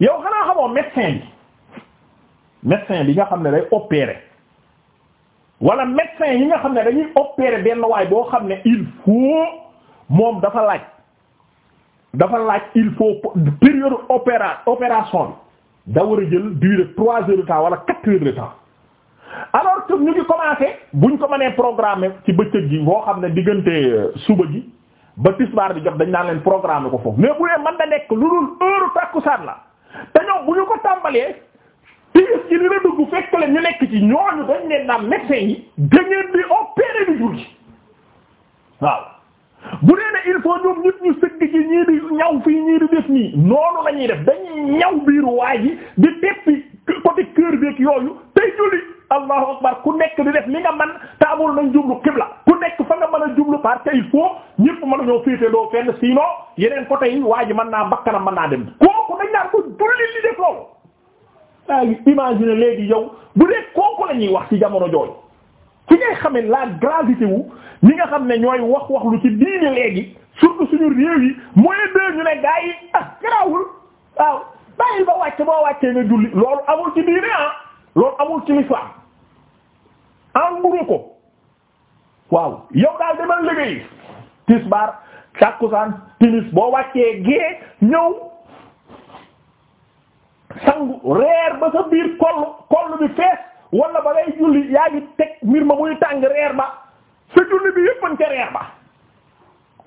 yow xanaa xamoo médecin bi médecin bi nga xam ne day opérer wala médecin yi nga xam ne dañuy opérer benn waay boo xam ne il faut moom dafa laaj dafa laaj il faut période opéra opération bi da war a jël durée trois heures temps wala quatre heures de temps alors que ñu ngi commencé buñ ko mënee programmer ci bëccëg gi boo xam ne diggante euh, suba gi ba tisbaar bi jot dañ naan leen programmer ko foofu mais bu dee mën na nekk lu dul heure takkusaan la te bu ñu ko tàmbalee tiis ji dina dugg fekk la ñu nekk ci ñooñu dañ leen naan médecin yi da di opérer du jur gi waaw bu dee ne il faut ñoom ñëpp ñu sëgg ci ñii di ñaw fii ñii di def nii noonu la ñuy def dañuy ñaw biiru waa ji di teppi côté kër beeg yooyu tey julli allahu akbar ku nekk di def li nga man te amul nañ jublu xibla ku nekk fa nga mën a jublu parce que il faut ñëpp mën a ñoo féete doo fenn sinon yeneen côté yi waa ji mën naa bakkanam mën naa dem kooku dañ naan ko julli li def loolu daa léegi yow bu dee kooku la wax ci jamono jooju ci ngay xamee la gravité wu ñi nga xam ne ñooy wax wax lu ci diine léegi surtout suñu réew yi mooy de ñu ne gaa yi ah garaawul waaw bàyyil ba wàcc boo wàccee nga julli loolu amul ci diine ah loolu amul ci l'islam enguro ko waaw yow daal demal liggéey tisbaar tàkkusaan timis boo wàccee gée ñëw sangu reer ba sa biir koll koll bi fees wala ba ngay julli yaa ngi teg mbir ma muy tàng reer ba sa julli bi yëppan ca reer ba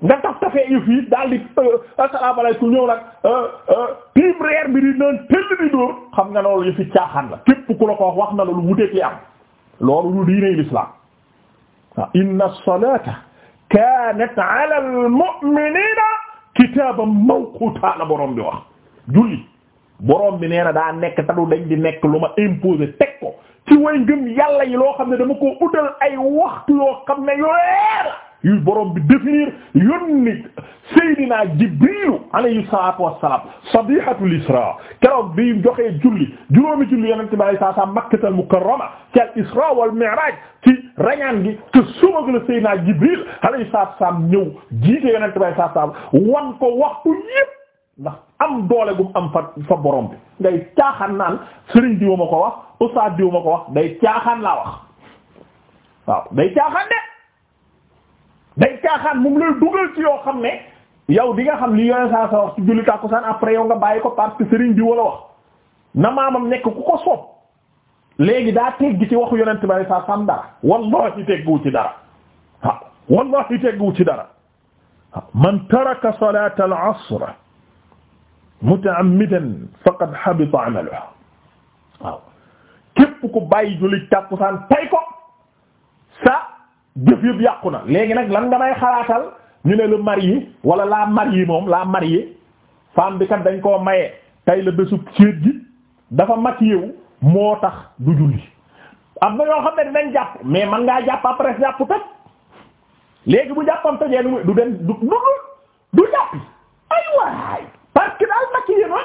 nga taf tafee yëf yi daal di euh, asalaamaaleykum ñëw nag euh, euh, tiim reer bi di naan tëll di dóor xam nga loolu yëfi caaxaan la képp ku la wax wax na la lu wuteek li am loolu lu diiney l'islam waaw ah, inna as-salata kanat ala al-mu'minina kitaban mawquta la borom bi wax julli borom bi nee na daa nekk te du dañ di nekk lu ma imposé teg ko ci way ngëm yàlla yi loo xam ne dama ko utal ay waxtu yoo xam ne yo yu borom bi définir yónni Seydina Jibrilu alayhi salaatu wassalaam sadihatul isra keroog bi joxee julli juróomi julli yonente bi alayhi salaam Makkatul Mukarrama ci al isra wal mi'raj ci rañaan gi te suba la Seydina Jibril alayhi salaatu wassalaam ñëw jiite yonente bi alayhi salaatu wassalaam wan ko waxtu yépp ndax am doole gum am fa fa borom bi ngay caaxaan naan sëriñ diw ma ko wax ustaad diw ma ko wax day caaxaan laa wax waaw day caaxaan de day caaxaan moom lay dugal ci yoo xam ne yow di nga xam li yoneen wax ci julli tàkkusaan après yow nga bàyyi ko parce que bi wala wax na maamam nekk ku ko soob léegi daa teggi ci waxu yonent bari saa sam dara wallahi tegguwu ci dara waaw wallahi ci dara man taraka salata al asr mutaammidan faqad habita amaluhu waaw képp ku bàyyi julli tàkkusaan tay ko jëf yëpp yàqu na léegi nag lan nga may xalaatal ñu ne le marié wala la yi moom la mariée femme bi kat dañ koo maye tey la bésu céet gi dafa mat wu moo tax du julli am na yoo xam ne dinañ jàpp mais man ngaa jàpp après jàpp tëj léegi bu jàppam tëjee du dem du du du jàppi ay waay parce que daal maquillé na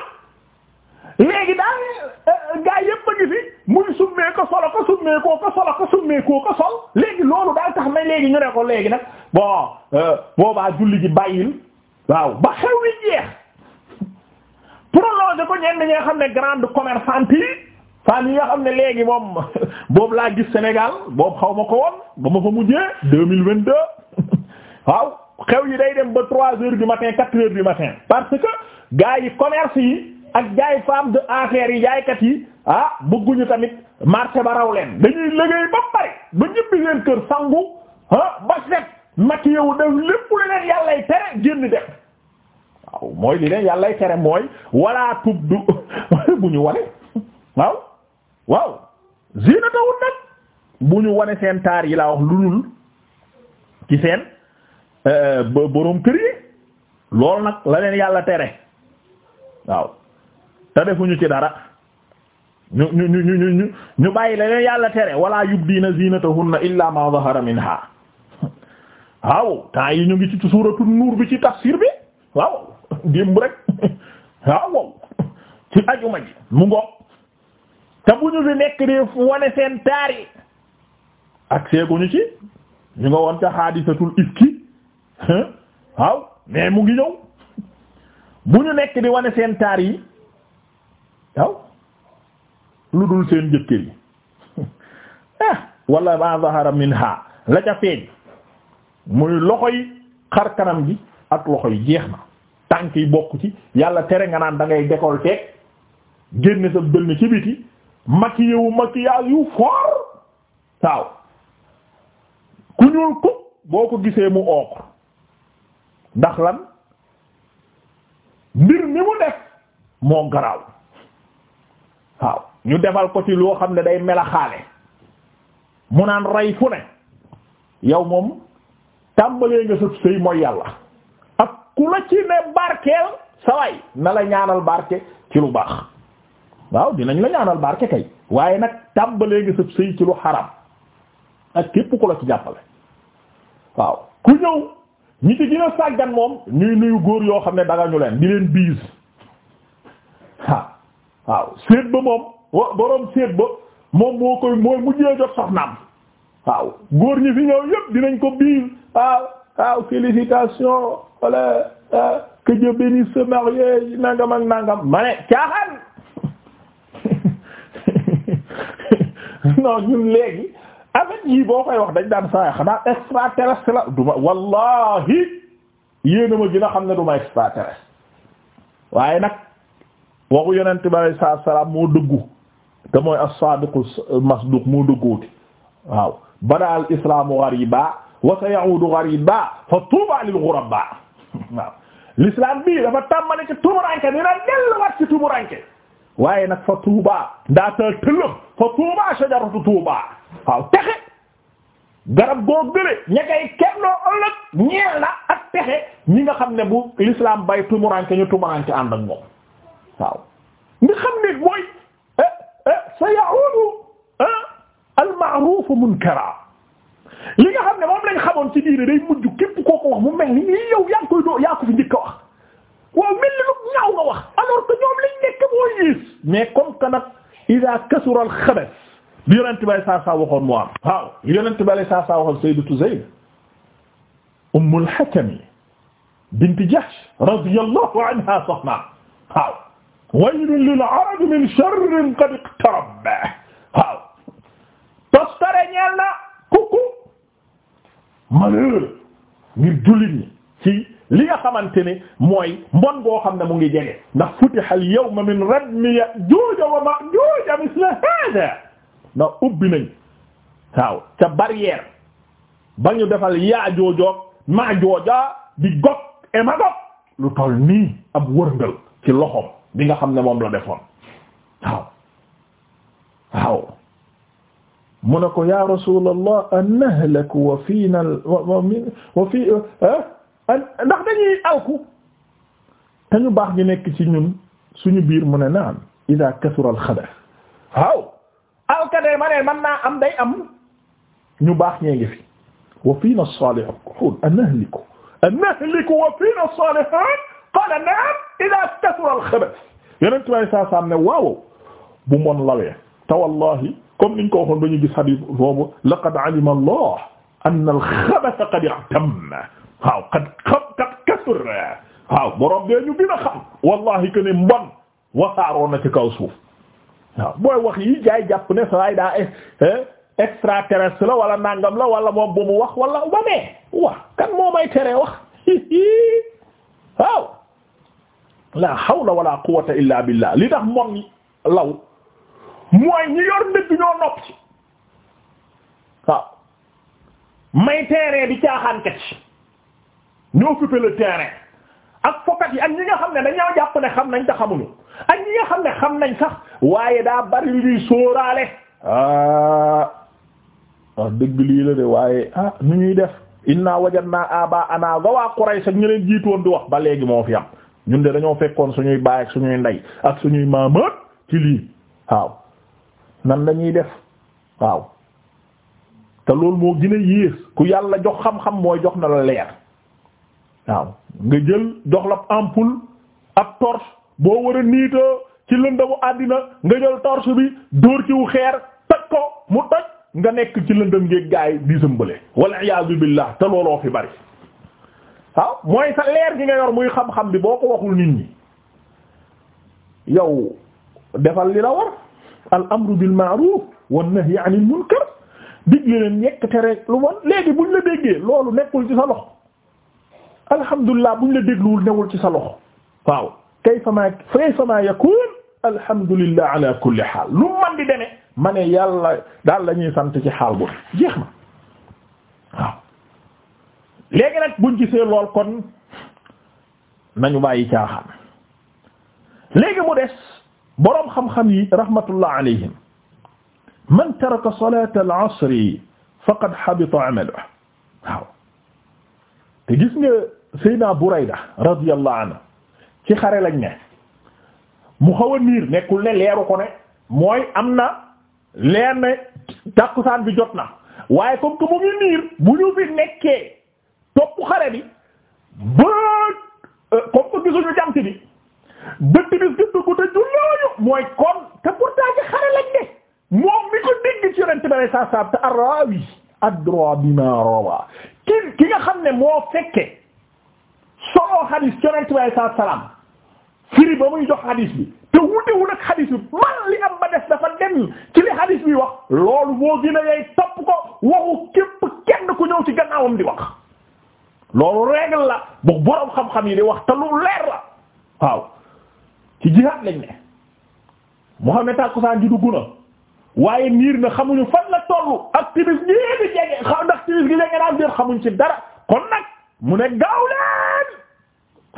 léegi daal euh, gaa yépp a ngi fi muy summee ko solo ko summee koo ko solo ko summee koo ko sol léegi loolu daal tax na léegi ñu ne ko léegi nag bon euh, boobaa julli ji bàyyil waaw ba xew wi jeex xam ne grande commerçante yi fan yi nga xam ne léegi moom boobu laa gis Sénégal boobu xaw ma ko woon ba ma fa mujjee deux mille vingt deux waaw xew yi day dem ba trois heures du matin quatre heures du matin parce que gaa yi commerce yi ak jaay femme de affaires yi jaaykat yi ah bëgguñu tamit marché ba raw leen dañuy liggéey ba pare ba ñibbi seen kër sangu ah ba set maquillé wu def lépp lu leen yàllay tere génn def waaw mooy li leen yàllay tere mooy wala tubdu bu ñu wone waaw waaw zinatawun nag bu ñu wane seen taar yi laa wax lu dul ci seen euh, boroom kër yi loolu nag la leen yàlla tere waaw te defuñu ci dara ñu ñu ñu ñu ñu ñu bàyyi la leen yàlla tere wala yubdiina zinatahunna illa ma zahara minha waaw temps yi ñu ngi ci suuratul nuur bi ci tafsir bi waaw démb rek waaw ci ajuma ji mu ngoog te bu ñu fi nekk di wane seen ak seeguñu ci ñu nga woon ca ifki waaw mais mu ngi ñëw bu ñu nekk di wane seen taar yi waaw lu dul seen jëkkër yi ah eh, wala ma zahara minha la ca feeñ muy loxo yi xar kanam gi ak loxo yi jeex na tànk yi bokk ci yàlla tere nga naan dangay ngay décolleté génne sa dënn ci biti maquillé wu maquillage yu fort waaw ku ñuul kub boo ko gisee mu ook ndax lan mbir mi mu def moo garaaw waaw ñu defal ko ci loo xam ne day melaxaale mu naan rey fu ne yow moom tàmbalee nga sëb sëy mooy yàlla ak ku la ci ne barkeel saway na la ñaanal barke ci lu baax waaw dinañ la ñaanal barke kay waaye nag tàmbalee nga sëb sëy ci lu xaram ak képp ku la ci jàppale waaw ku ñëw ñi ci gën a sàggan moom ñuy nuyu góor yoo xam ne dagañu leen di leen biis waaw séet ba moom boroom séet ba moom moo koy mooy mujjee jot soxnaam waaw góor ñi fi ñëw yépp dinañ ko biir waaw waaw félicitations wala euh, que Dieu bénisse ce nangam ak nangam ma ne caaxaan non ñun léegi avec yi boo koy wax dañ daan saa xanaa extraterrestre la du wallahi yéena ma gën xam ne du ma extraterrestre waaye nag waxu yonent bi alayhi salaatu salaam moo dëggu te mooy as-saadiqu masduq moo waaw bada al ghariba wa sayaudu ghariba fa tuuba lil ghuraba waaw bii dafa tàmbali ci tumuranke dina delluwaat ci tumuranke waaye nag fa tuuba ndaatal tëllëm fa tuuba shajaratu tuuba texe garab goo gële ña koy kennoo ëllëg texe ñi nga xam ne bu l'islam bay tumuranke ñu tumuranke ànd ak waaw nga xam ne mooy eh, eh, sa ya'udu eh, al-ma'ruf munkara li nga xam ne moom lañ xamoon ci diine day mujj képp koo ko wax mu mel ni lii yow yaa ngi koy doo yaa ko fi njëkk a wax waaw mel ni lu ñaaw nga wax alors que ñoom lañ nekk mooy gis mais comme que nag ida kasura al-khabath bi yonent bi saa saa waxoon mu am waaw yonent bi saa saa waxoon sayyidatu Zayd ummul Hakam bint Jahsh radiyallahu anha soxna waaw waylun lil arab min sharrin qad iqtarab waaw tostare ñeel na kukku malheur ngir jullit ci li nga xamante ne mooy mbon goo xam ne mu ngi jege ndax futiha al yawma min radmi ya'juj wa ma'juj misla hada ndax ubbi nañ waaw ca barrière ba ñu defal yaajoojoog maajooja di gog e magog lu toll nii ab wërngal ci loxoom bi nga xam ne moom la defoon waaw waaw mu ne ko ya rasulallah an nahlaku wa fiina wa fi eh? ndax dañuy alku te baax gi nekk ci ñun suñu biir mu ne naam ida kasura al xabath waaw alkade ma ne man naa am day baax ñee ngi fi wa fiina an nahliku an nahliku wa fiina as-salihun qala naam a kasura al xabas yonent way saa saam ne waaw bu mon lawee te wallahi comme niñ ko waxoon dañu gis hadith boobu laqad alima allah anna al xabasa qad i'tam waaw qad qad kasura waaw borom bee ñu dina xam wallahi que ne mbon wasaaroon na ci kaw suuf waaw booy wax i jaay jàpp ne sawaay daa eh, eh, extraterrestre la wala nangam la wala moom bu mu wax wala wamee wax kan moo may teree wax waaw la hawla wala quwwata illa billah li tax moom law mooy ñi yor dëgg ñoo nopp ci may terrain di caaxaankat ci ñoo occupé le terrain ak fokat yi ak ñi nga xam ne dañ dañoo jàpp ne xam nañ te xamuñu ak ñi nga xam ne xam nañ sax waaye daa bari lu ñuy ah dëgg lii la de waaye ah nu ñuy def inna wajadna aba ana wa quraysh ñu leen jiitu woon di wax ba léegi moo fi am ñun de dañoo fekkoon suñuy baay ak suñuy ndey ak suñuy maamaat ci lii waaw nan lañuy def waaw te loolu moo gën a yées ku yàlla jox xam-xam mooy jox na la leer waaw nga jël jox la ampoule ab torche boo war a niitoo ci lëndëmu àddina nga jël torche bi dóor ci wu xeer toj mu toj nga nekk ci lëndëm ngeeg gaay di sëmbale wal iyaazu billah te looloo fi bari waaw mooy sa leer gi nga yor muy xam-xam bi boo ko waxul nit yow defal li la war al amru bil ma'ruf wan nahyi anil munkar leen yekk te rek lu bon léegi buñ la déggee loolu nekkul ci sa loxo alhamdulilah buñ la dégluwul newul ci sa loxo waaw kayfa ma kayfa ma yakun alhamdulillah ala kulli xaal lu man di demee ma ne daal la ñuy sant ci xaal bu jeex na waaw léegi nag buñ gisee lool kon nañu bàyyi caaxaan léegi mu des boroom xam-xam yi rahmatullah alayhim man taraka salata al asri faqad habita nga Seydina Burayda radiyallahu anhu ci xare lañ ne mu xaw a niir nekku ne leeru ko ne mooy am na leer ne tàkkusaan bi jot na waay comme que mu ngi niir bu ñu fi nekkee topp xare bi ba euh, comme ko gisuñu jant bi bët bi gis dugg te jullooñu mooy kon te pourtant ci xare lañ ne mi ko dégg ci yonent bi saa saa te arraawi adra bima rawa ki ki nga xam ne moo fekke solo xadiis ci yonent bi saa salaam firi ba muy jox xadiis bi te wutewul ak xadiis bi man li am ba def dafa dem ci li xadiis bi wax loolu moo gën a topp ko waxu képp kenn ku ñëw ci gannaawam di wax loolu règle la bu boroom xam-xam yi di wax te lu leer la ci jihaad lañ mu xam ne tàkkusaan ji dugg waaye niir na xamuñu fan la tollu ak timis gi di jege xam ndax xamuñ ci dara kon mu ne gaaw leen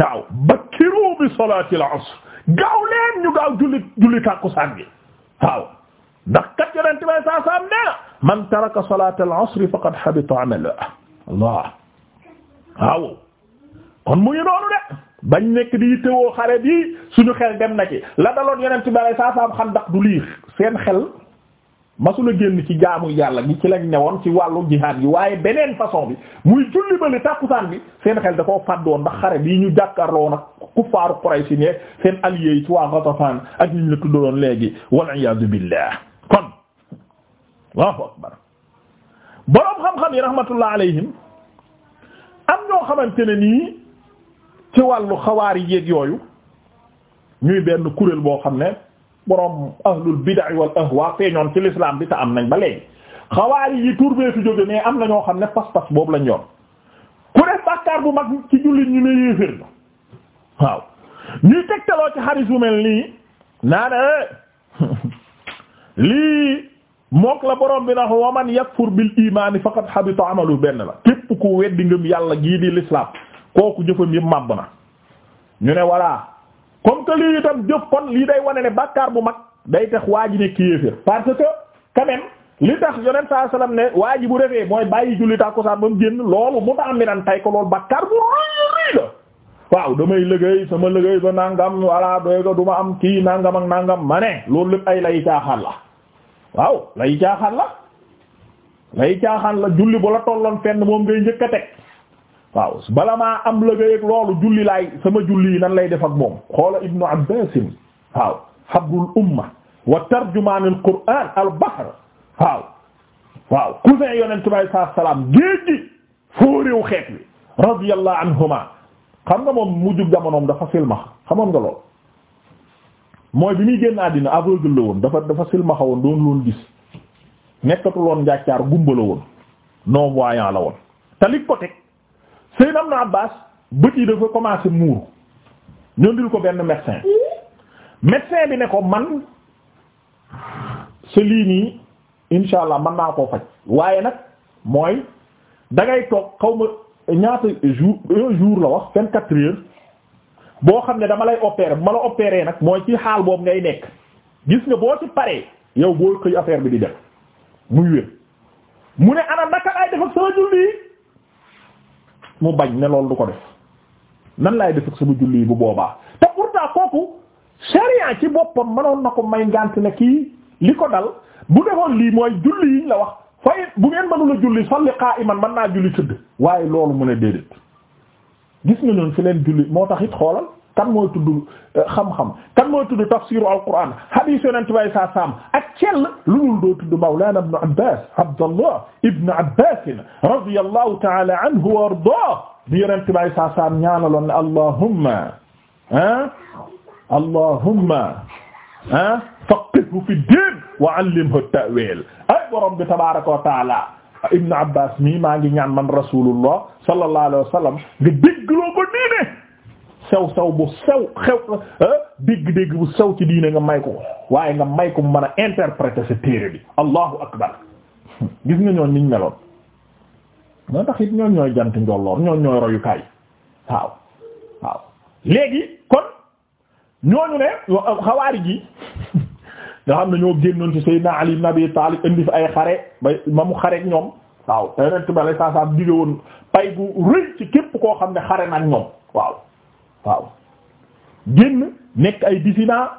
waaw bakkiru bi salaatil asr gaaw leen ñu gaaw julli julli tàkkusaan bi waaw ndax kat yonent bay saa saam nee na man taraka salaatal asr faqad Allah waaw kon mu ngi noonu de bañ nekk di yittewoo xare bi suñu xel dem nag yi la daloon yeneen ci bare saa saam xam ndax du liir seen xel masula génn ci jaamu yàlla gi ci lañ newoon ci wàllu jihaad gi waaye beneen façon bi muy julli bali tàkkusaan bi seen xel da koo fàddoon ndax xare bii ñu jàkkarloo nag kuffaaru Quraysh ne seen alliés yi ci waa Ghatafan ak ñu la tuddaloon léegi wal iyaadu billah kon Allahu akbar boroom xam-xam yi rahmatullah am ñoo xamante ne nii ci wàllu xawaari yéeg yooyu ñuy benn kuréel boo xam ne boroom ahlul bid'a wal ahwa feeñoon ci l'islam bi te am nañ ba léegi xawaari yi turbee jóge mais am na ñoo xam ne pas-pas boobu lañ yoon ku def bu mag ci jullit ñu ne yéeféer na waaw ñuy tegtaloo ci xaris bu mel nii naa ne eh, lii mook la borom bi na wa man yakfur bil imaani faqad habita amalu benn la képp ku weddi ngëm yàlla gii di l'islam kooku jëfam yëpp màbb na ñu ne voilà comme que lii itam jëf kon lii day wane ne bàkkaar bu mag day tax waa ji ne parce que quand même li tax yonent saa sallam ne waa ji bu defee mooy bàyyi julli saa ba mu génn loolu mu tax mi daan tay ko loolu bàkkaar bu rëy la waaw damay liggéey sama liggéey ba nangam voilà doy ko du ma am kii nangam ak nangam ma ne lay caaxaan waaw lay caaxaan la lay caaxaan la julli boo la tolloon fenn moom ngay njëkk waaw bala maa am la nga yëg loolu julli laay sama julli yi nan lay def moom xoola ibnu abbasin waaw habrul umma wa tarjumaanul qur'aan al bahr waaw waaw cousin yonent bi salaam géej gi foo réew xeet bi anhuma xam nga moom mujj jamonoom dafa filma xamoon nga loolu mooy bi muy génn àddina aveugle la woon dafa dafa silmaxa woon doon loon gis nekkatuloon njàccaar gumba la woon non voyant la woon te li ko teg Seydina Ibn Abbas bët yi dafa commencé muuru ñoo dil ko benn médecin médecin bi ne ko man sa lii nii allah mën naa koo faj waaye nag mooy dangay toog xaw ma ñaata jour jour la wax vingt-quatre heures boo xam ne dama lay opérer bu ma la opérer nag mooy ci xaal boobu ngay nekk gis nga boo ci paree yow boo xëy affaire bi di def muy wér mu ne ana naka laay def ak sama julli yi mu bañ ne loolu du ko nan laay def ak bu boobaa te pourtant kooku sharia ci boppam mënoon na ko may ngànt ne kii li ko dal bu defoon lii mooy julli yiñ la wax fay bu ngeen mënula julli salli man man naa julli tëdd waaye loolu mu ne déedéet gis nga ñoon fi leen julli moo tax it xoolal kan mooy tudd euh, xam-xam kan mooy tudd tafsiru alquran hadith yonent bay sa saam ak cell lu dul doo tudd mawlana ibn abbas abdallah ibn abbas radiyallahu ta'ala anhu wa ardaah bi yonent bay sa saam ñaanaloon ne allahumma ah allahumma ah faqihhu fi din wa allimhu ta'wil ay borom bi tabaaraka wa ta'ala ibn abbas mii maa ngi ñaan man rasulullah sallallahu alayhi wa sallam nga déggloo ko diine sew sew bu sew xew ah, dégg-dégg bu sew ci diine nga may ko waaye nga may ko mën a interpréter sa téere bi allahu akbar gis nga ñoon niñ meloon moo tax it ñoon ñooy jant njolloor ñoon ñooy royukaay waaw waaw léegi kon ñooñu ne xawaari ji nga xam ne ñoo génnoon ci Seydina Ali ibn Abi Talib indi fi ay xare ba mu xare ak ñoom waaw Yonent bi alayhi salaam digge woon pay bu rëy képp koo xam ne xare nag ñoom waaw waaw génn nekk ay dissident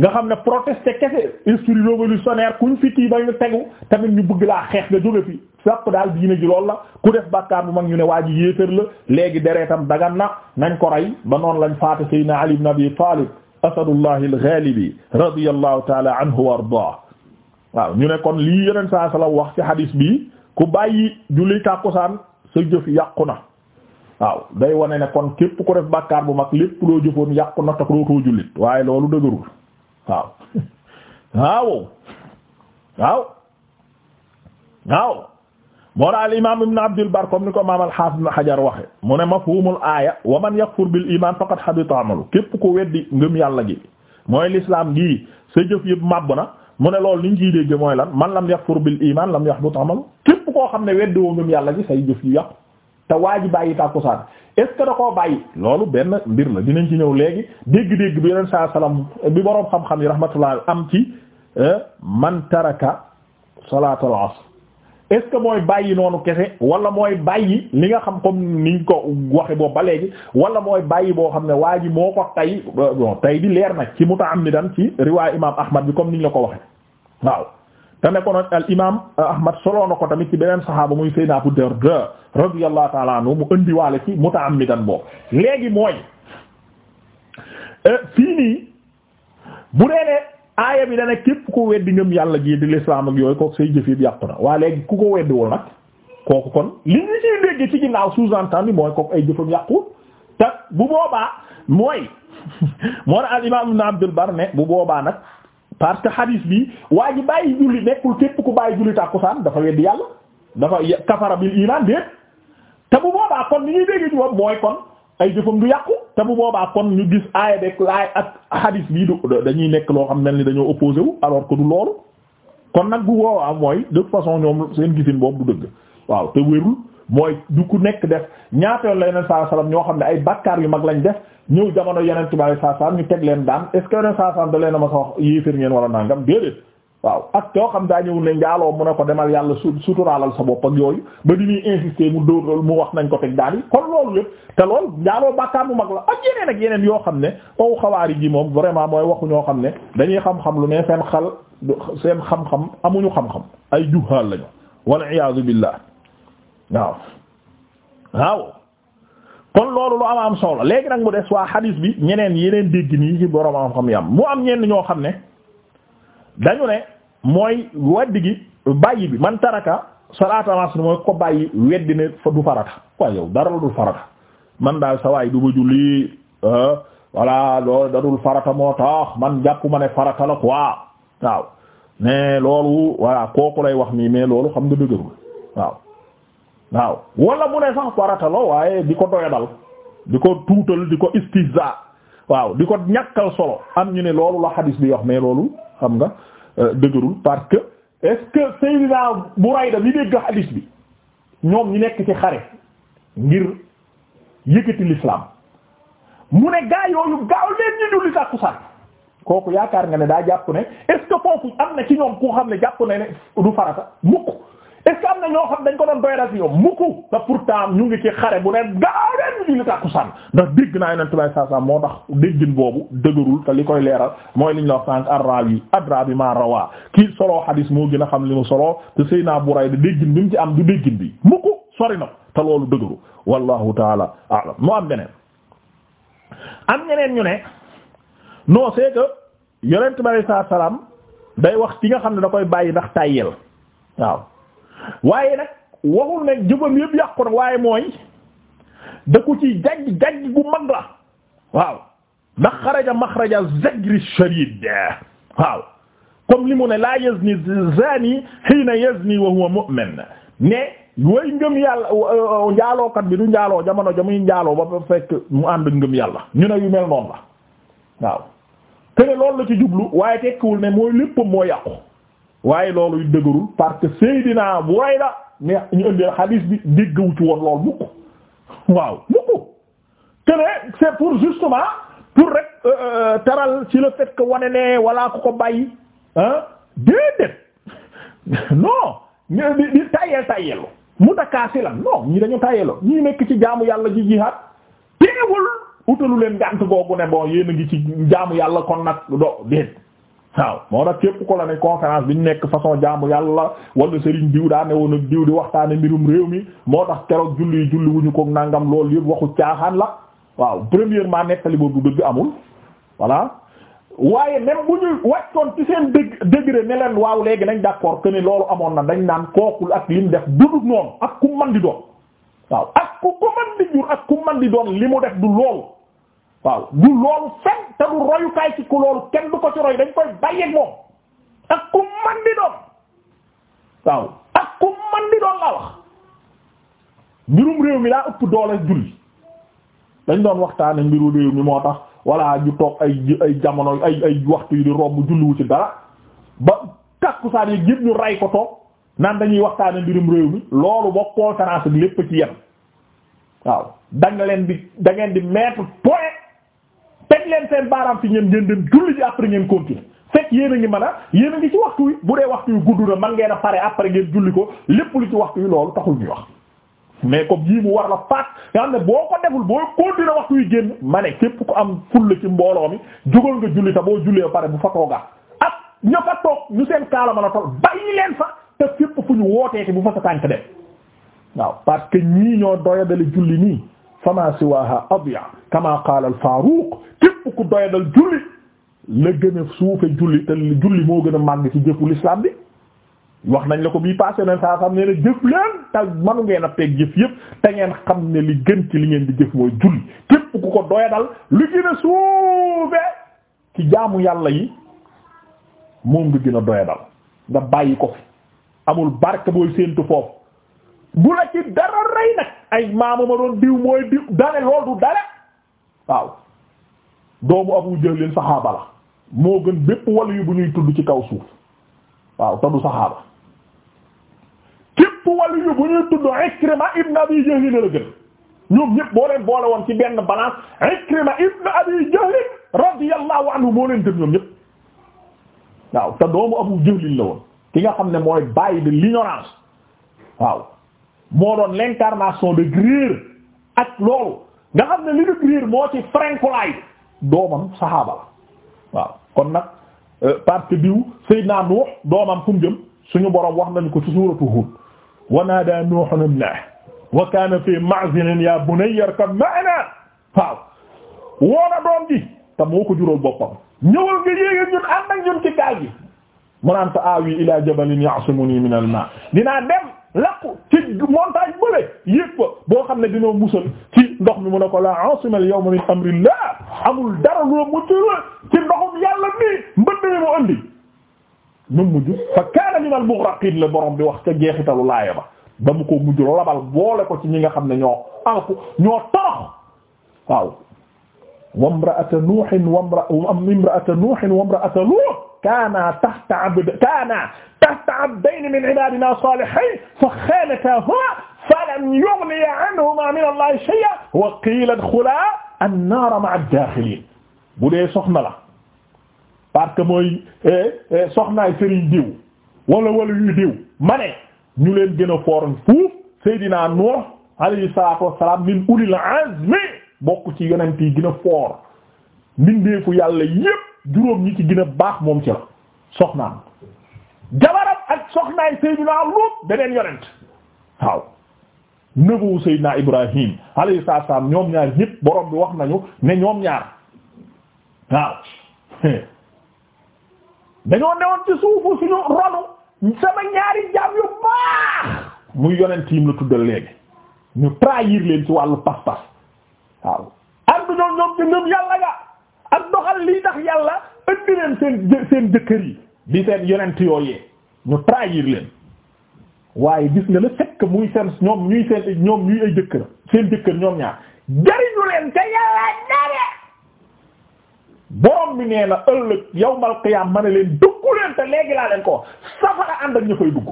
nga xam ne protester kese esprit révolutionnaire kuñ fitii ba ñu tegu tamit ñu bëgg laa xeex nga jóge fi sàpp daal diine ji loolu la ku def bàkkaar bu mag ñu ne waa ji la léegi deretam dagan na nañ ko rey ba noon lañ faata Seydina Ali ibn Abi Talib asadullahi al-ghalibi radiyallahu taala anhu wa ardaah waaw ñu ne kon lii yeneen saa sala wax ci hadis bi ku bàyyi julli tàkkusaan sa jëf yàqu na waaw day wane ne kon képp ku def bàkkaar bu mag lépp loo jëfoon yàqu na te dootoo jullit waaye loolu dëgërul waaw waaw waaw waaw moo daal imaam ibn Abdul Barr comme ni ko imaam al-Hafiz ibn Hajar waxe mu ne mafhumul aaya wa man yakfur bil iman faqad habita amalu képp ko weddi ngëm yàlla gi mooy lislaam gi sa jëf yëpp màbb na mu ne loolu liñ ciy dégg mooy lan man lam yakfur bil iman lam yahbut amalu képp koo xam ne weddi woo ngëm yàlla gi say jëf yu yàqu te waa ji bàyyi tàkkusaan est-ce que da koo bàyyi loolu benn mbir la dinañ ci ñëw léegi dégg-dégg bi yeneen saa salaam bi boroom xam-xam yi rahmatullah am ci eh, man taraka salaatul asr est-ce que mooy bàyyi noonu kese wala mooy bàyyi li nga xam comme niñ ko waxe boobu ba léegi wala mooy bàyyi boo xam ne waa ji moo ko tay bon tay di leer nag ci mutaammidan ci riwaay imam ahmad bi comme niñ la ko waxe waaw te ne ko nag al imam ahmad soloo na ko tamit ci beneen saxaaba muy Seydina Abu Darda radiyallahu ta'ala anhu mu indiwaale ci mutaammidan boobu léegi mooy eh, fii nii bu dee ne aaya bi dana képp ko weddi ngëm yàlla gii di l'islam ak yooyu kooku say jëf yi yàqu na waa léegi ku ko weddiwul nag kooku kon li ñu ciy dégg ci ginnaaw sous-entendu mooy kooku ay jëfam yàqu te bu boobaa mooy moo na al imam ibn Abdul Bar bu boobaa nag parce que hadis bi waa ji bàyyi julli nekkul képp ku bàyyi julli tàkkusaan dafa weddi yàlla dafa kafara bil iman déet te bu boobaa kon li ñuy dégg ci moom mooy kon ay jëfam du yàqu te bu boobaa kon ñu gis aaya bek ak hadis bii du dañuy nekk loo xam mel ni dañoo opposé wu alors que du loolu kon nag bu boobaa mooy de toute façon ñoom seen gisin boobu du dëgg waaw te wérul mooy du ku nekk def ñaata yoon la yeneen saa salaam ñoo xam ne ay bakkaar yu mag lañ def ñëw jamono yeneen tubaab yi saa salaam ñu teg leen daan est ce saa salaam da leen a ma sa wax yéefér ngeen war a nangam déedéet waaw ak yoo xam daa ñëw ne njaaloo mu ne ko demal yàlla su suturaalal sa bopp yooyu ba di ñuy insister mu door loolu mu wax nañ ko teg daan yi kon loolu lépp te lool njaaloo bàkkaar mag la ak yeneen yoo xam ne ow xawaari ji moom vraiment mooy waxu ñoo xam ne dañuy xam-xam lu ne seen xal seen xam amuñu xam ay juhaal lañu wal iyaazu billah waaw waaw kon loolu am am solo léegi nag mu des waa xadiis bi ñeneen yeneen dégg nii ci borom am xam yam mu am ñenn ñoo xam ne dañu ne mooy waddi gi bàyyi bi man taraka salaata al asr mooy ko bàyyi weddi ne fa du farata waaye yow dara du man daal sa waay du ma julli ah, voilà darul farata moo tax man jàpp ma ne farata la quoi waaw mais loolu voilà kooku lay wax nii mais loolu xam nga dëgërul waaw waaw wala mu ne sax farata la waaye di ko doyadal di ko tuutal di ko istihza waaw di ko ñàkkal solo am ñu ne loolu la xadis bi wax mais loolu xam nga euh, dëgërul parce que est-ce que Seydina Burayda mi dégg hadis bi ñoom ñi nekk ci xare ngir yëkkati l'islam mu ne gaa yooyu gaaw leen ñu julli tàkkusaan kooku yaakaar nga ne daa jàpp ne est que foofu am na ci ñoom koo xam ne jàpp ne ne du farata mukk am na dañ ko doon doy daf yow mukku te pourtant bu dégg naa yonent bay moo tax déggin boobu dëgërul li koy leeral mooy li ñu la wax sànq moo gën a xam li mu soloo te Seydina Burayda déggin bi ci am du bi mukku sori na te loolu dëgëru wallahu taala a'lam moo am beneen am ñeneen ñu ne non c'est que yonent bi alayhi salaam day wax ci nga xam ne da koy bàyyi ndax tàyyeel waaw waaye nag waxul nag jëfam yëpp yàqu na waaye mooy da ko ci jajj jajj gu mag la waaw ndax xaraja maxraja zagri shadid waaw comme li mu ne laa yazni zani hiina yazni wa huwa mu'min ne way ngëm yàlla njaalookat bi du njaaloo jamono jamuy njaaloo ba fekk mu ànd ngëm yàlla ñu ne yu mel noonu la waaw te ne loolu la ci jublu waaye tekkiwul ne mooy léppam moo yàqu waaye loolu dëgërul parce que Seydina Burayda ne ñu indee xadiis bi déggawu ci woon lool mukk waaw mukk te ne c'est pour justement pour rek euh, euh, taral ci le fait que wane ne walla ko ko bàyyi ah déedéet di tayel tayelu mu dakaasi lan non ñi dañu tayelo ñii nekk ci jaamu yàlla ji jihaad teewul utalu leen gànt googu ne bon yéen a ngi ci jaamu yàlla kon nag do déet waaw moo tax képp ko la ne conférence bi ñu nekk façon jaamu yàlla wala Serigne diw daa ne woon ak diw di waxtaane mbirum réew mi moo tax keroog julli julli wuñu ko nangam loolu yëpp waxu caaxaan la waaw premièrement nettali boobu dëgg amul voilà waaye même bu ñuy wàccoon ci seen dég degré ne waaw léegi nañ d'accord que ne loolu amoon na dañ naan kookul ak li mu def dudut noonu ak ku man di doon waaw ak ku ko man di jur ak ku man di def du loolu waaw du loolu fen te du royukaay ci ku loolu kenn du ko ci roy dañ koy bàyyeeg moom ak ku man di doon waaw ak ku man di doon laa wax mbirum réew mi daa ëpp doole julli dañ doon waxtaane mbiru réew mi moo tax walla ñu toog ay ay jamono ay ay waxtu yu di romb julliwu ci dara ba takkusaan yi yëpp ñu ray ko toog naan dañuy waxtaane mbirum réew mi loolu ba conférence bi lépp ci yem waaw da di da di mettre point teg leen seen baaraam ngeen dem julli ji après ngeen continuer fekk yéen a ngi mën a yéen a ngi ci waxtu wi bu dee waxtu yu gudd na man ngeen a pare après ngeen julli ko lépp lu ci waxtu wi loolu taxul ñuy wax mais ko yii mu war la faat nga xam ne boo ko deful boo continuer waxtu wi génn ma ne képp ko am la ci mbooloo mi jógal nga julli te boo jullee pare bu fa toogaat ak ña fa toog ñu seen kaala mën a toog bàyyi leen fa te fépp fu ñu wooteeti bu fa sa tànk dem waaw parce que ñii ñoo doyadale julli nii fama siwaha adia kama qaala al Faaruq képp ku doyadal julli la gën a suufe julli te julli moo gën a màgg ci jëfu l'islam bi wax nañ la ko bii passé na saa xam ne ne jëf leen te manu ngeen a teg jëf yëpp te ngeen xam ne li gën ci li ngeen di jëf mooy julli képp ku ko doyadal li gën a suufe ci jaamu yàlla yi moom nga gën a doyadal nga bàyyi ko fi amul barke booy séentu foofu bu la ci dara rey nag ay maamu ma doon diw mooy diw dale lool dale waaw doomu Abu Jahlin saxaaba la moo gën bépp wàllu yu bu ñuy tudd ci kaw suuf waaw te du saxaaba képp wàllu bu ñuy tudd Ikrima ibn Abi Jahl la gën ñoom ñëpp boo boole woon ci benn balance Ikrima ibn Abi Jahl radiyallahu anhu moo leen gën ñoom ñëpp waaw te doomu Abu la woon ki nga xam ne mooy bàyyi de l'ignorance waaw moo doon l'incarnation de réer ak loolu nga xam ne li nga réer moo ci frenkulaay doomam saxaaba la waaw kon nag euh, parce diw Seydina Nuux doomam fu mu jëm suñu borom wax nañu ko ci suuratu Huud wa naadaa Nuuhun ibnahu wa kaana fii ya yaa bunayya irkab ma'anaa waaw woona doom ji te moo ko jural boppam ñëwal nga yéeg ñun ànd ak ñun ci gaal mu naan fa aawi ilaa jabalin ya'simunii minal maa' laqu ci montagne bële yéeg fa boo xam ne dinoo musal ci ndox mi mu ne ko la asima al yawma min amrillah amul dara lu mucc ci ndoxum yàlla mi mbëndee mu andi ñu mujj fa kaana min al la borom bi wax ca jeexitalu laaya ba ba mu ko mujj labal boole ko ci ñi nga xam ne ñoo alku ñoo torox waaw wa imra'ata nuuhin wa imra'ata nuuhin wa imra'ata luut kaanaa tahta abd kaanaa tahta abdayni min ibaadinaa saalihiin fa khaanataahumaa falam yughniyaa anhumaa mina Allaahi shay'an wa qiila idkhulaa an-naara ma'a ad-daakhiliin bu dee soxna la parce que mooy eh, eh, soxnaay sëriñ diw wala wala yu diw ma ne ñu leen gën a foor fuuf Seydina Nuuh alayhi salaatu wa salaam min ulil azmi bokk ci yonent yi gën foor mbindeefu yàlla yépp juróom ñi ci gën baax moom ci la soxnaam jabaram ak soxnaay Seydina Luut beneen yonent waaw nëbu Seydina Ibrahim alayhi salaam ñoom ñaar ñépp borom bi wax nañu ne ñoom ñaar waaw dañoo newoon ci suufu suñu ronu sama ñaari jaam yu baax muy yonent yi mu la tuddal léegi ñu trahir leen ci wàllu pas-pas waaw ànd ñoom ñoom ci yàlla ga ak doxal lii tax yàlla indi leen seen seen jëkkër yi di seen yonent yooyee ñu trahir leen waaye gis nga la fekk muy seen ñoom ñuy seen ñoom ñuy ay jëkkër seen jëkkër ñoom ñaar jariñu leen ca yàlla dara borom bi nee na ëllëg yawmal qiyaam ma ne leen dugg leen te léegi laa leen ko safara ànd ak ñu fay dugg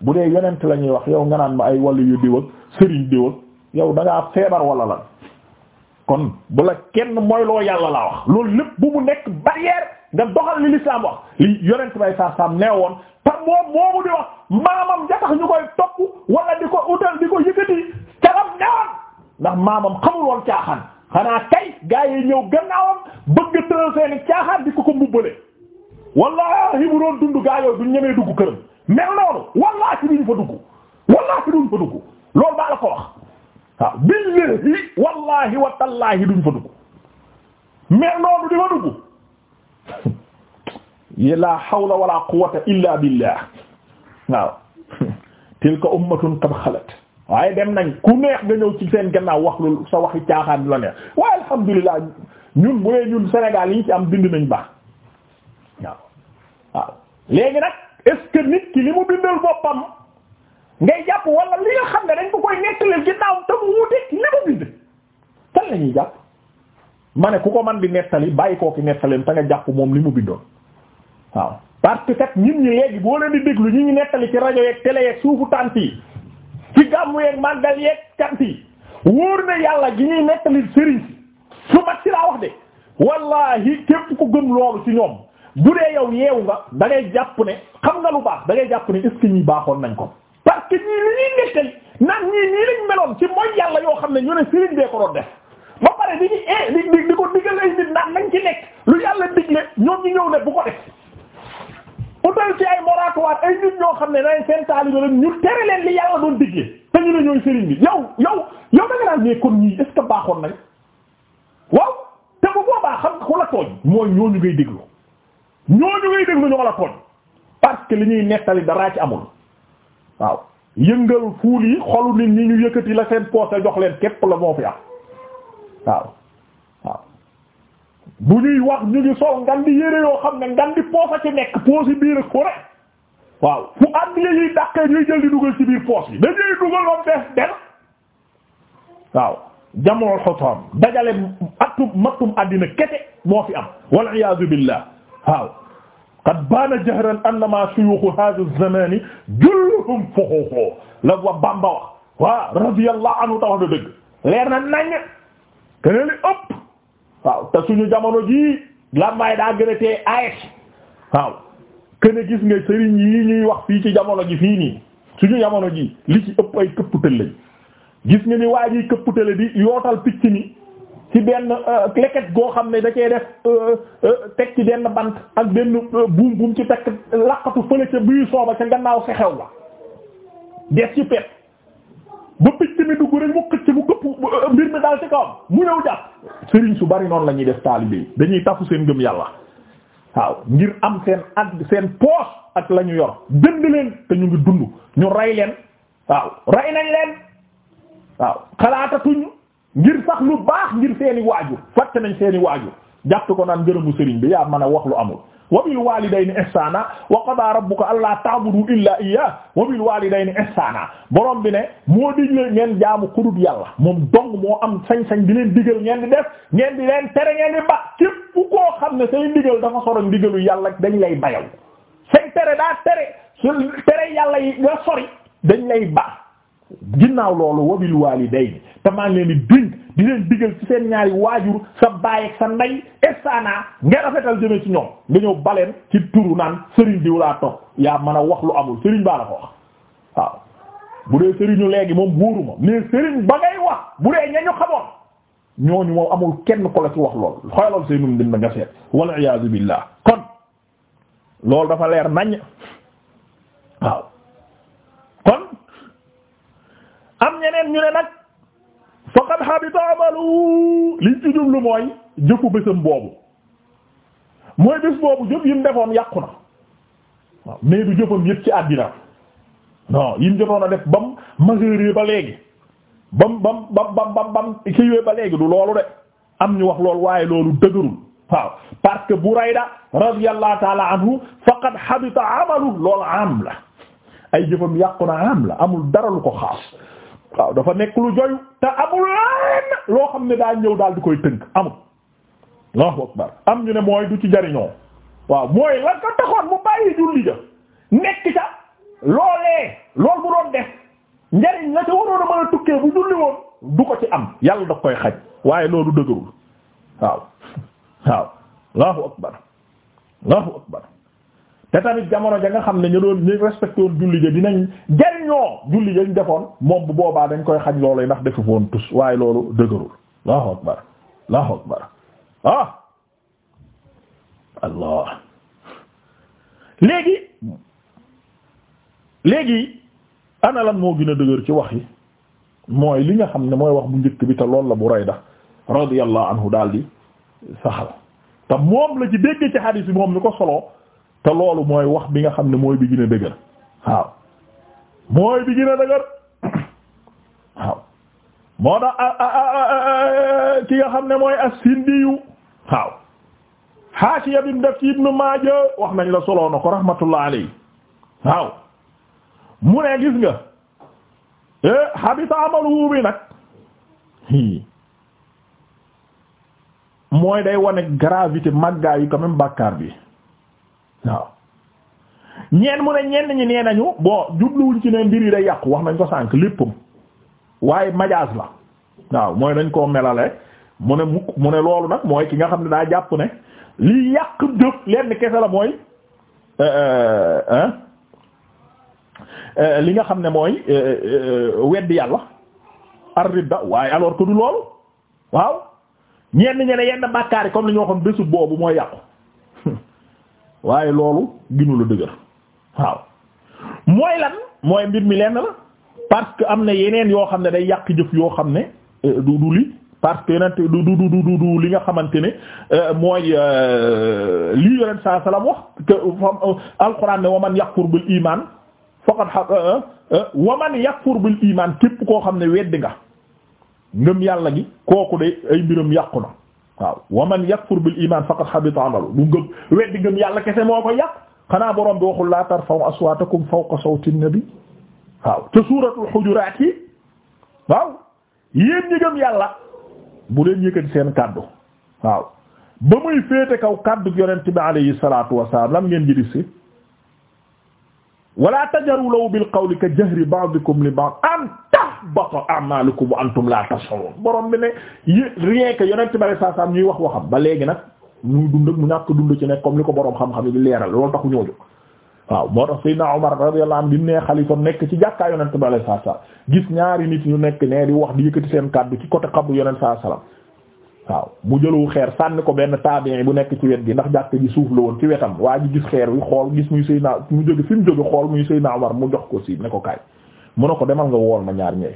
bu dee yonent la ñuy wax yow nga naan ma ay wàllu yu diw ak sëriñ diw ak yow da ngaa feebar wala lan kon bu la kenn mooy loo yàlla laa wax loolu lépp bu mu nekk barrière nga doxal li lislaam wax li yonent bay saa saam nee woon te moom moomu di wax maamam ja ñu koy topp wala di ko utal di ko yëkkati caram newoon ndax maamam xamul woon caaxaan xanaa kay gaa yi ñëw gannaawam bëgg tëral seeni caaxaan di ko ko mbubbale wallaahi bu doon dund gaa yooyu duñ ñemee dugg këram mel noonu wallaahi duñ fa dugg wallaahi duñ fa dugg loolu baa la ko wax waaw billahi wallahi wa tallahi duñ fa dugg mais noonu di fa dugg la hawla wala quwwata illa billah waaw tilka ummatun qad xalat waaye dem nañ ku neex nga ci seen gannaaw wax lu sa waxi caaxaan bi la neex waaye alhamdulilah ñun bu dee ñun Sénégal yi ci am bind nañ baax waaw waaw léegi nag est nit ki li mu bindal boppam ngay jàpp wala li nga xam ne dañ ko koy nettalil ginnaaw te mu wuute li mu bind kan la jàpp ma ne ku ko man di nettali bàyyi koo ki nettaleen te nga jàpp moom li mu bindoon waaw parce que kat ñun ñi léegi boo leen di déglu ñu ñu nettali ci rajo yeeg tele yeeg suufu tant yi ci gàmmu yeeg màggal yeeg tant yi wóor na yàlla gi ñuy nettali sëriñ su mat ci laa wax de wallahi képp ko gëm loolu ci ñoom bu dee yow yeewu nga da ngay jàpp ne xam nga lu baax da ngay jàpp ne est ñi baaxoon nañ ko parce que ñii li ñuy nettali naan ñii ñii lañ meloon ci mooy yàlla yoo xam ne ñu ne sëriñ bee ko doon def ba pare di ñu ee eh di di di ko digal ay nit naan nañ ci nekk lu yàlla digle ñoom ñu ñëw ne bu ko def utal ci ay moratoire ay nit ñoo xam ne dañ seen taalibe la ñu tere leen li yàlla doon ñu ne ñooy sëriñ bi yow yow yow da nga naan baaxoon nañ waaw te bu boobaa xam ku la tooñ mooy ñooñu ngay déglu ñooñu ngay déglu ñoo la tooñ parce que li ñuy nettali daraa ci amul waaw yëngal fuul yi xolu nit ñi ñu yëkkati la seen poose jox leen képp la moo fi am waaw waaw bu ñuy wax ñu ngi sol ngan di yére yoo xam ne ngan di poose ci nekk poose yi biir ak fure waaw fu àddina yiy dàqee ñuy jël di dugal ci biir poose yi dañuy dugal moom des del waaw jamono xotoom dajale atum mattum àddina kese moo fi am wal iyaazu billah waaw qad baana jahran annama shuyuukhu haadha az-zamaani julluhum fuxuuxu la wa Bamba wax waaw radiyallahu anhu tax na dëgg nañ kene li ëpp waaw te suñu jamono ji làmbaay daa gën a tee ayet gis nga sëriñ yi ñuy wax fii ci jamono ji fii nii suñu jamono ji li ci ëpp ay këpputale lañ gis nga ni waa ji këpputale di yootal picc ci benn euh, leket goo xam ne da cee def euh, euh, teg ci benn bant ak benn buum buum ci tekk laqatu fële ca buy sooba ca gannaaw sa xew la des ci pet ba picc mi dugg rek mu xëcc mu këpp mbir mi daal ci kawam mu ñëw jàpp sëriñ su bari noonu la ñuy def taalibe yi dañuy tafu seen ngëm yàlla waaw ngir am seen ak seen poos ak la ñu yor dënd leen te ñu ngi dund ñu rey leen waaw rey nañ leen waaw xalaatatuñu ngir sax lu baax ngir seeni waajur fàtte nañ seeni waajur jàpp ko naan ngërëmu sëriñ bi yaa mën a wax lu amul wa bil walidayni ihsana wa qada rabbuka alla ta'budu illa iyyah wa bil walidayni ihsana borom bi ne moo digle ngeen jaamu kudut yàlla moom dong moo am sañ-sañ bi leen digal ngeen di def ngeen di leen tere ngeen di ba képp koo xam ne say ndigal dafa soro ndigalu yàlla dañ lay bayaw say tere daa tere su tere yàlla yi nga sori dañ lay ginnaaw loolu wabil waalidayni te maa ngi leen di dénk di leen digal ci seen ñaari waajur sa baay ak sa ndey estaana nga rafetal jëme ci ñoom nga ñëw baleen ci turu naan sëriñ diw laa toog yaa mën a wax lu amul sëriñ baa la ko wax waaw bu dee sëriñu léegi moom buuruma mais sëriñ ba ngay wax bu dee ñañu xamoon ñooñu moom amul kenn ko la ci wax lool xoolal seenum dim na nga seet wal iyaazu billaah kon loolu dafa leer nañ waaw am ñeneen ñu ne nag faqad habita amalu liñ ci jublu mooy jëfu bésam boobu mooy bés boobu jëf yim defoon yàqu na waaw mais du jëfam yëpp ci àddina non yim jotoon a def bam majeure ba léegi bam bam bam bam bam bam ba léegi du loolu de am ñu wax loolu waaye loolu dëgërul waaw parce que Burayda radiyallahu ta'ala anhu faqad habita amalu loolu am la ay jëfam yàqu na am la amul dara lu ko xaas waaw dafa nekk lu joyu te amul loo xam ne daal ñëw daal di koy tënk amul Allahu akbar am ñu ne mooy du ci jariñoo waaw mooy la ko taxoon mu bàyyi julli ja nekk ca loolee lool bu doon def njariñ la ca waroon a mën a tukkee bu julli woon du ko ci am yàlla da koy xaj waaye loolu dëgërul waaw waaw Allahu akbar Allahu akbar te tamit jamono ja nga xam ne ñu doon ñu respecté woon julli ja dinañ jariñoo julli ja ñu defoon moom bu boobaa dañ koy xaj loolu ndax defu woon tus waaye loolu dëgërul allahu akbar allahu akbar ah allah léegi léegi ana moo gën a dëgër ci wax yi mooy li nga xam ne mooy wax bu njëkk bi te loolu la bu Burayda radiyallahu anhu daal di saxal te moom la ci dégg ci hadith bi moom lu ko solo te loolu mooy wax bi nga xam ne mooy bi gën a dëgër waaw mooy bi gën a dëgër waaw moo tax ki nga xam ne mooy as-Sindiyu waaw haasiya bi mu def ci Ibnu Maaja wax nañ la soloo na ko rahmatullah alayhi waaw mu ne gis nga e, habita amalu bi nag mooy day wane gravité màggaayu quand même bàkkaar bi waaw ñeen mu ne ñenn ñi nee nañu bon jubluwuñ ci ne mbir yi day yàqu wax nañ ko sànk léppam waaye majaas la waaw mooy dañ koo melale mu ne mukk mu ne loolu nag mooy ki nga xam ne daa jàpp ne li yàq jëf lenn kese la mooy euh, euh, euh, li nga xam ne mooy weddi yàlla ar-ridda waaye alors que du loolu waaw ñenn ñene yenn bàkkaar yi comme li ñu waxoon bésu boobu mooy yàqu waaye loolu ginu la dëgër waaw mooy lan mooy mbir mi lenn la parce que am na yeneen yoo xam ne day yàq jëf yoo xam ne euh, du du li parce que yeneen du du du du li nga xamante ne euh, mooy euh, lii yonent saa salaam wax alxuraan ne wa man yakfur bil iman faqad wa man pour bil iman képp koo xam ne weddi nga ngëm yàlla gi kooku de ay mbiram yàqu na waaw wa man yakfur bil iman faqad amalu du ngëm weddi ngëm yàlla kese moo ko yàq xanaa borom bi waxul la tarfa'u aswatakum fawqa sawti nabi waaw te suuratul xujuraat yi waaw yéen ñi gëm yàlla bu leen yëkkati seen kàddu waaw ba muy féete kaw kàddu yonent bi alayhi salaatu wasalaam lam ngeen jëli si wala tajaru law bil ka jahri ba'dikum li ba'd ahbata ko wa antum la tash'urun borom bi ne rien que yonent bari saa saa ñuy wax waxam ba léegi nag muy dund mu ñàkk dund ci nekk comme ko borom xam-xam yi leeral loolu taxu ñoo jóg waaw moo tax Seydina Omar radiyallahu anhu bi mu nee xalifa nekk ci jàkkaa yonent bari saa saa gis ñaari nit ñu nekk nee di wax di yëkkati seen kàddu ci côté xabru yonent saa salaam waaw mu jëlu xeer sànni ko benn tabi'i bu nekk ci wet gi ndax jàkk ji suuf la woon ci wetam waa ji gis xeer wi xool gis muy naa mu jóge fi mu jóge xool muy Seydina Omar mu jox ko si ne ko kaay mun ne ko demal nga wool ma ñaar ñëw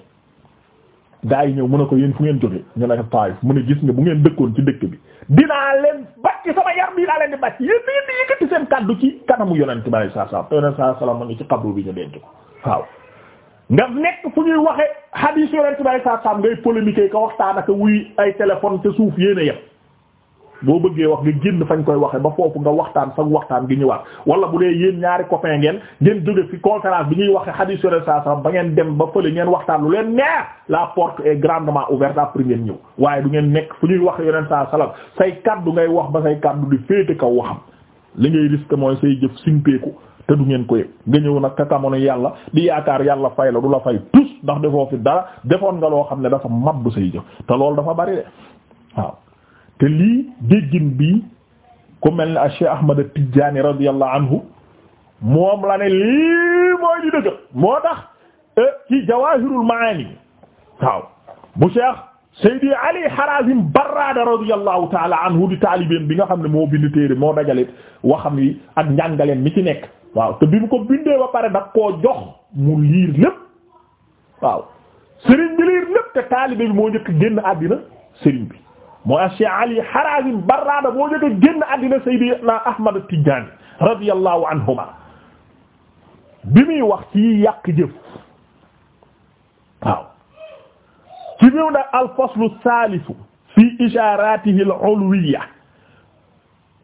gaa yi ñëw mu ne ko yéen fu ngeen jóge ñu ne ko Taayif mu ne gis nga bu ngeen dëkkoon ci dëkk bi dinaa leen bàcc sama yar bi dinaa leen di bàcc yéen di yëkkati seen kaddu ci kanamu yonent bi sallallahu alayhi wasallam yonent sallallahu alayhi wasallam ci xabru bi ko waaw nga nekk fu ñuy waxe hadith yonent bi sallallahu ngay polémique ka waxtaan ak wuy ay téléphone te suuf yéen a yem boo bëggee wax nga génn fañ koy waxe ba foofu nga waxtaan sax waxtaan gi ñëwaat wala bu dee yéen ñaari copain ngeen ngeen jóge fi conférence bi ñuy waxe hadith sur sa sa ba ngeen dem ba fële ngeen waxtaan lu leen neex la porte est grandement ouverte après ngeen ñëw waaye du ngeen nekk fu ñuy wax yeneen saa sallam say kaddu ngay wax ba say kaddu di féete kaw waxam li ngay risque mooy say jëf simpeeku te du ngeen ko yëg nga ñëw nag kakamono yàlla di yaakaar yàlla fay la du la fay ndax defoo fi dara defoon nga loo xam ne dafa mabbu say jëf te loolu dafa bari de waaw te lii déggin bi ku mel ne Cheikh Ahmad Tidiane radiyallahu anhu moom la ne lii mooy di dëgg moo tax e, ci Jawahirul Maani mu bu Cheikh Seydi Ali Harazim Barrada radiyallahu taala anhu di taalibeem bi nga xam ne moo bind moo dajale waxam yi ak njàngaleen mi ci nekk waaw te bi mu ko bindee ba pare da jox mu liir lépp waaw sëriñ bi liir lépp te taalibe bi moo njëkk génn àddina sëriñ bi mooy Cheikh Ali Harazim Barrada boo jógee génn àddina Seydina Ahmad Tidjani radiyallahu anhuma bi muy wax ci yàq jëf waaw ci ñëw nag al-faslu saalisu fi isharatihi al-ulwiyya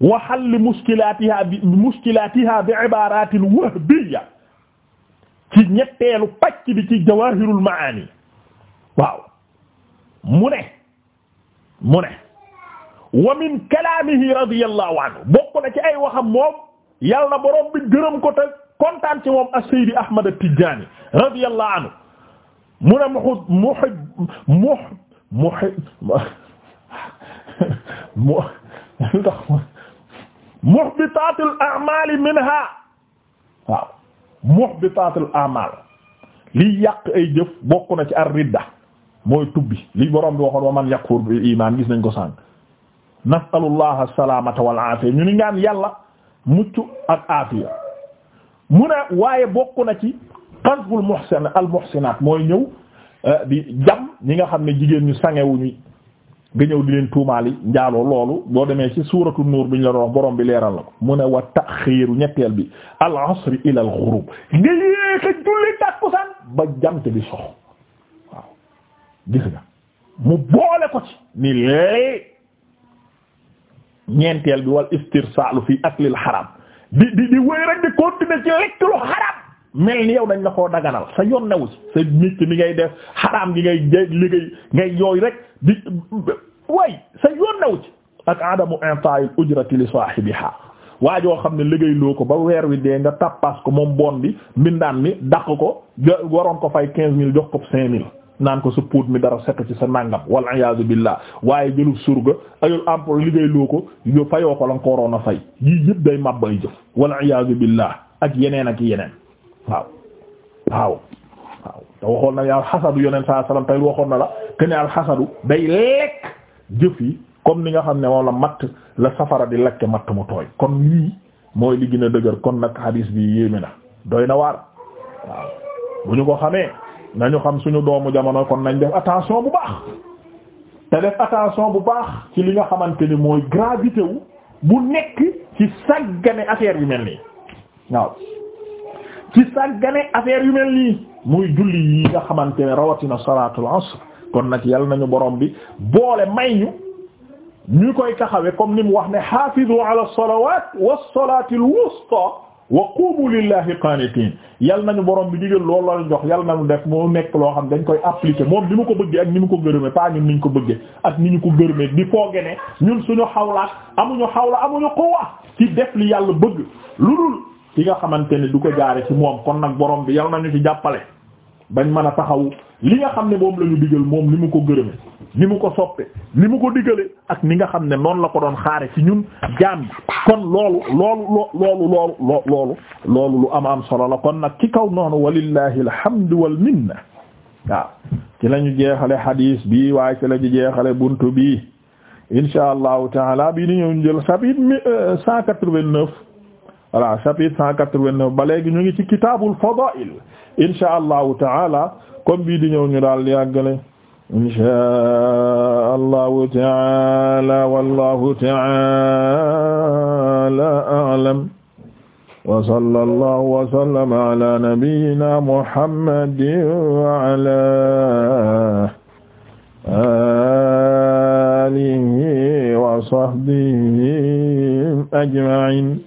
wa hall mushkilatiha bi mushkilatiha bi ibaratin wahbiyya ci ñetteelu pàcc bi ci jawahirul maani waaw mu ne mu ne wa min kalaamihi radiyallahu anhu bokk na ci ay waxam moom yàlla na borom bi gërëm ko te kontaan ci moom as-Seydi Ahmad at-Tijaani radiyallahu anhu mu ne muxu muxu muxu muxu mu muhbitaatul a'maal minha waaw muhbitaatul a'maal liy yàq ay jëf bokk na ci ar-ridda mooy tubbi li borom bi waxoon wa man yakfur bi iman gis nañ ko sànq nasalullah salamata wal afiya ñu ni ngaan yàlla mucc ak afiya mu ne waaye bokk na ci qazful muhsin al mooy ñëw eh, di jam ñi nga xam ne jigéen ñu sangewuñu nga ñëw di leen tuumaali njaaloo loolu boo demee ci suuratu nuur bi ñu la wax borom bi leeral la ko mu ne wa taxiiru ñetteel bi al asri ila al ghurub nga yéex a julli tàkkusaan ba jant bi sox gis nga mu boole ko ci ni léegi ñeenteel bi wal istirsaalu fi aklil xaram di di di wéy rek di continuer ci lekk lu xaram mel ni yow dañ la koo daganal sa yoon newu si sa nit mi ngay def xaram gi ngay liggéey ngay yooy rek di way sa yoon newu ci ak adamu inta'il ujrati li saahibiha waajoo xam ne liggéey loo ko ba weer wi dee nga tappas ko moom bon bi mbindaan mi daq ko waroon ko fay quinze mille jox ko cinq mille naan ko sa puut mi dara setu ci sa nàngam wal iyaazu billah waaye jëlub surga ayul emploi liggéey loo ko yo fayoo ko la nga ko waroon a fay yii yëpp day màbb ay jëf wal iyaazu billah ak yeneen ak yeneen waaw waaw waaw te waxoon na alxasadu yoneen waxoon na la que ne alxasadu day lekk jëf yi comme ni nga xam ne moom la matt la safara di lekke matt mu tooy kon lii mooy li gën a dëgër kon nag hadis bi yéeme na doy na waar waaw bu ñu ko xamee nañu xam suñu doomu jamono kon nañ def attention bu baax te def attention bu baax ci li nga xamante ni mooy gravité wu bu nekk ci sàggane affaire yu mel nii waaw ci affaire yu mel nii muy julli yi nga xamante ne rawatina salaatul asr kon nag yal nañu borom bi boole may ñu ñu koy taxawee comme ni mu wax ne hafizu ala salawat was salatil wa qumu lillahi qanitin yal nañu borom bi digal loolu la jox yal nañu def moo nekk loo xam dañ koy appliquer moom ni mu ko bëggee ak ni mu ko gërëmee pas ñun ni ñu ko bëggee ak ni ñu ko gërëmee di fooge ne ñun suñu xawlaat amuñu xawla amuñu quwwa ci def li yàlla bëgg lu dul ki nga xamante ne du ko jaare ci moom kon nag borom bi yal nañu ci jàppale bañ mën a taxaw li nga xam ne moom la ñu digal moom ni mu ko gërëme ni mu ko soppe ni mu ko digale ak ni nga xam ne noonu la ko doon xaare ci ñun jaam bi kon loolu loolu loolu loolu loolu loolu lu am am solo la kon nag ci kaw noonu walillahi alhamdu wal minna waaw ci la ñu jeexale hadis bi waaye ci la ñu jeexale buntu bi insha allahu taala bi ni ñëw jël chapitre euh, cent quatre-vingt-neuf voilà chapitre cent quatre-vingt-neuf ba léegi ñu ngi ci kitaabul fadaa'il insha allahu taala comme bii di ñëw ñu daal di àggale insha allahu taala wallahu taala a'lam wa sallallahu wa sallama ala nabiyyina muhammadin wa ala alihi wa sahbihi ajma'in